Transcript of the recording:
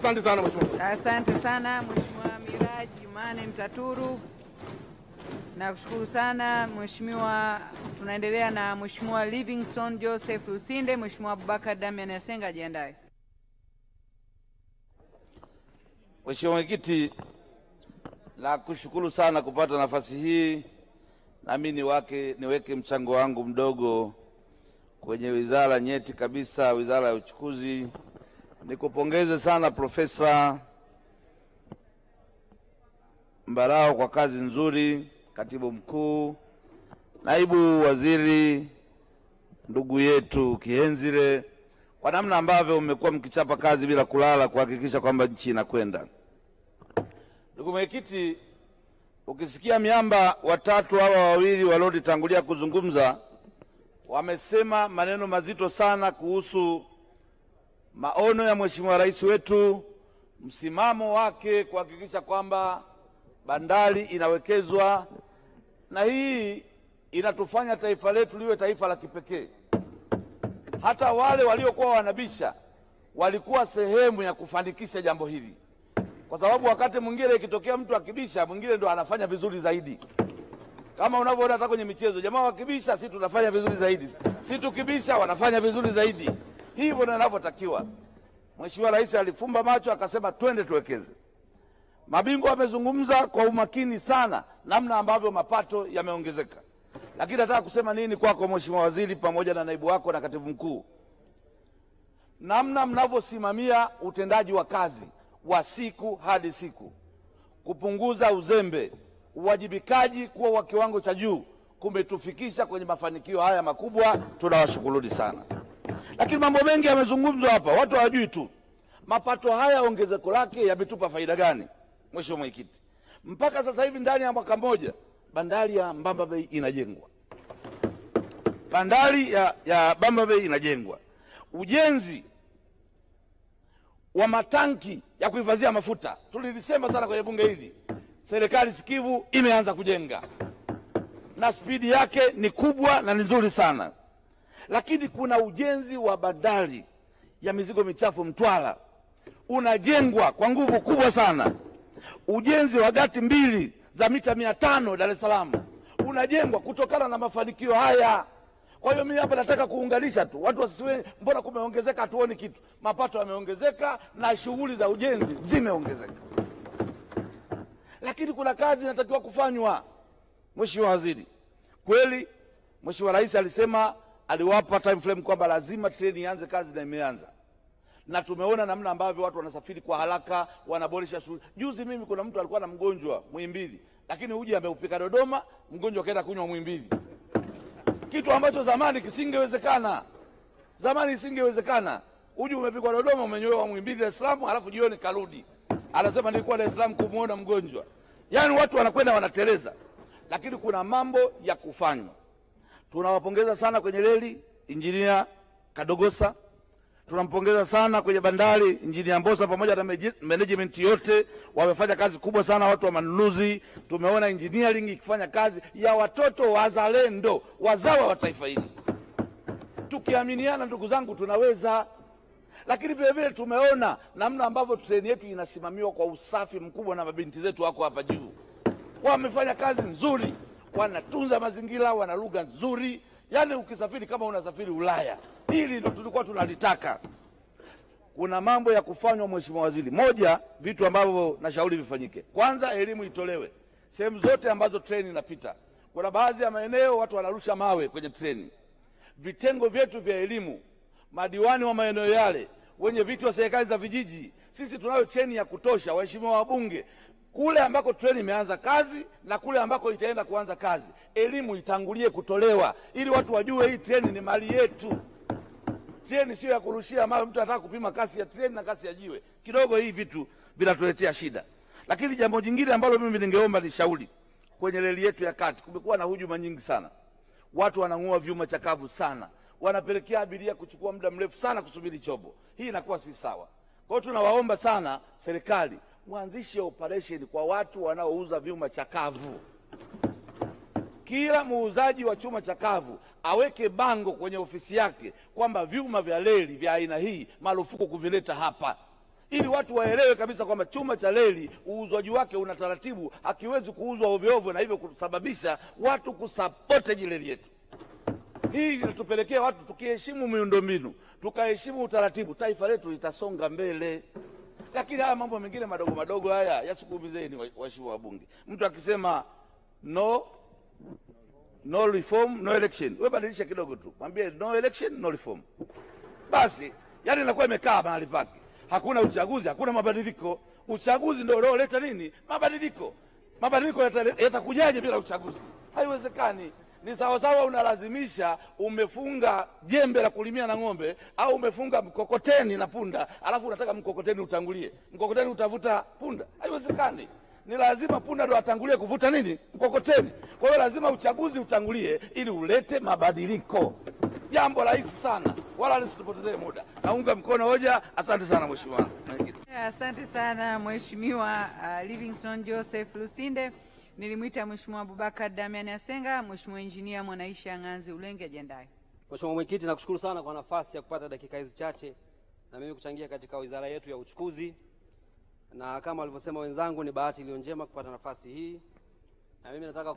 Asante sana mheshimiwa. Asante sana Mheshimiwa Miraj Jumane Mtaturu, nakushukuru sana mheshimiwa. Tunaendelea na Mheshimiwa Livingstone Joseph Lusinde. Mheshimiwa Abubakar Damian Asenga ajiandae. Mheshimiwa Mwenyekiti, nakushukuru sana kupata nafasi hii nami niwake niweke mchango wangu mdogo kwenye wizara nyeti kabisa, wizara ya uchukuzi. Nikupongeze sana Profesa Mbarao kwa kazi nzuri, katibu mkuu, naibu waziri ndugu yetu Kihenzile, kwa namna ambavyo umekuwa mkichapa kazi bila kulala kuhakikisha kwamba nchi inakwenda. Ndugu mwenyekiti, ukisikia miamba watatu hawa wawili walionitangulia kuzungumza wamesema maneno mazito sana kuhusu maono ya Mheshimiwa Rais wetu, msimamo wake kuhakikisha kwamba bandari inawekezwa, na hii inatufanya taifa letu liwe taifa la kipekee. Hata wale waliokuwa wanabisha walikuwa sehemu ya kufanikisha jambo hili, kwa sababu wakati mwingine ikitokea mtu akibisha, mwingine ndo anafanya vizuri zaidi, kama unavyoona hata kwenye michezo, jamaa wakibisha, si tunafanya vizuri zaidi, si tukibisha, wanafanya vizuri zaidi hivyo ndio inavyotakiwa. Mheshimiwa Rais alifumba macho akasema twende tuwekeze. Mabingwa wamezungumza kwa umakini sana namna ambavyo mapato yameongezeka, lakini nataka kusema nini kwako Mheshimiwa Waziri pamoja na naibu wako na katibu mkuu, namna mnavyosimamia utendaji wa kazi wa siku hadi siku, kupunguza uzembe, uwajibikaji kuwa wa kiwango cha juu kumetufikisha kwenye mafanikio haya makubwa. Tunawashukuruni sana. Lakini mambo mengi yamezungumzwa hapa, watu hawajui tu mapato haya ongezeko lake yametupa faida gani? Mheshimiwa Mwenyekiti, mpaka sasa hivi ndani ya mwaka mmoja bandari ya Mbamba Bay inajengwa, bandari ya, ya Mbamba Bay inajengwa, ujenzi wa matanki ya kuhifadhia mafuta tulilisema sana kwenye bunge hili, serikali sikivu imeanza kujenga na spidi yake ni kubwa na ni nzuri sana. Lakini kuna ujenzi wa bandari ya mizigo michafu Mtwara unajengwa kwa nguvu kubwa sana. Ujenzi wa gati mbili za mita mia tano Dar es Salaam unajengwa kutokana na mafanikio haya. Kwa hiyo mimi hapa nataka kuunganisha tu watu wasiwe, mbona kumeongezeka hatuoni kitu? Mapato yameongezeka na shughuli za ujenzi zimeongezeka, lakini kuna kazi inatakiwa kufanywa. Mheshimiwa Waziri, kweli Mheshimiwa Rais alisema aliwapa time frame kwamba lazima treni ianze kazi na imeanza, na tumeona namna ambavyo watu wanasafiri kwa haraka, wanaboresha shughuli. Juzi mimi kuna mtu alikuwa na mgonjwa Muhimbili, lakini uji ameupika Dodoma, mgonjwa kaenda kunywa Muhimbili, kitu ambacho zamani kisingewezekana. Zamani isingewezekana, uji umepikwa Dodoma, umenyolewa Muhimbili, Dar es Salaam, alafu jioni karudi, anasema nilikuwa Dar es Salaam kumwona mgonjwa. Yani watu wanakwenda wanateleza, lakini kuna mambo ya kufanywa tunawapongeza sana kwenye reli injinia Kadogosa, tunampongeza sana kwenye bandari injinia Mbosa pamoja na management yote, wamefanya kazi kubwa sana, watu wa manunuzi. Tumeona engineering ikifanya kazi ya watoto wazalendo, wazawa wa taifa hili. Tukiaminiana ndugu zangu, tunaweza. Lakini vile vile tumeona namna ambavyo treni yetu inasimamiwa kwa usafi mkubwa, na mabinti zetu wako hapa juu, wamefanya kazi nzuri wanatunza mazingira, wana lugha nzuri, yaani ukisafiri kama unasafiri Ulaya. Hili ndio tulikuwa tunalitaka. Kuna mambo ya kufanywa, Mheshimiwa Waziri. Moja, vitu ambavyo nashauri vifanyike, kwanza elimu itolewe sehemu zote ambazo treni inapita. Kuna baadhi ya maeneo watu wanarusha mawe kwenye treni. Vitengo vyetu vya elimu, madiwani wa maeneo yale, wenye viti wa serikali za vijiji, sisi tunayo cheni ya kutosha, waheshimiwa wabunge, kule ambako treni imeanza kazi na kule ambako itaenda kuanza kazi, elimu itangulie kutolewa ili watu wajue hii treni ni mali yetu. Treni sio ya kurushia mawe, mtu anataka kupima kasi ya treni na kasi ya jiwe kidogo. Hii vitu vinatuletea shida. Lakini jambo jingine ambalo mimi ningeomba ni shauri, kwenye reli yetu ya kati kumekuwa na hujuma nyingi sana, watu wanangua vyuma chakavu sana, wanapelekea abiria kuchukua muda mrefu sana kusubiri chombo. Hii inakuwa si sawa. Kwa hiyo tunawaomba sana serikali mwanzishe operation kwa watu wanaouza vyuma chakavu. Kila muuzaji wa chuma chakavu aweke bango kwenye ofisi yake kwamba vyuma vya reli vya aina hii marufuku kuvileta hapa, ili watu waelewe kabisa kwamba chuma cha reli uuzwaji wake una taratibu, hakiwezi kuuzwa ovyoovyo na hivyo kusababisha watu kusapoteji reli yetu. Hii inatupelekea watu, tukiheshimu miundombinu, tukaheshimu utaratibu, taifa letu litasonga mbele. Lakini haya mambo mengine madogo madogo haya yasukumizeni, waheshimiwa wabunge. Mtu akisema no no reform no election, wewe badilisha kidogo tu, mwambie no election no reform basi. Yani inakuwa imekaa mahali pake, hakuna uchaguzi, hakuna mabadiliko. Uchaguzi ndio unaoleta nini? Mabadiliko. Mabadiliko yatakujaje yata bila uchaguzi? Haiwezekani ni sawasawa unalazimisha, umefunga jembe la kulimia na ng'ombe au umefunga mkokoteni na punda, alafu unataka mkokoteni utangulie. Mkokoteni utavuta punda? Haiwezekani. Ni lazima punda ndo atangulie kuvuta nini? Mkokoteni. Kwa hiyo lazima uchaguzi utangulie ili ulete mabadiliko. Jambo rahisi sana, wala nisitupotezee muda. Naunga mkono hoja. Asante sana mheshimiwa. Asante sana mheshimiwa uh, Livingstone Joseph Lusinde. Nilimwita Mheshimiwa Abubakar Damian Asenga, Mheshimiwa Injinia Mwanaisha Ng'anzi Ulenge ajiandae. Mheshimiwa Mwenyekiti, nakushukuru sana kwa nafasi ya kupata dakika hizi chache na mimi kuchangia katika wizara yetu ya uchukuzi, na kama walivyosema wenzangu, ni bahati iliyo njema kupata nafasi hii na mimi nataka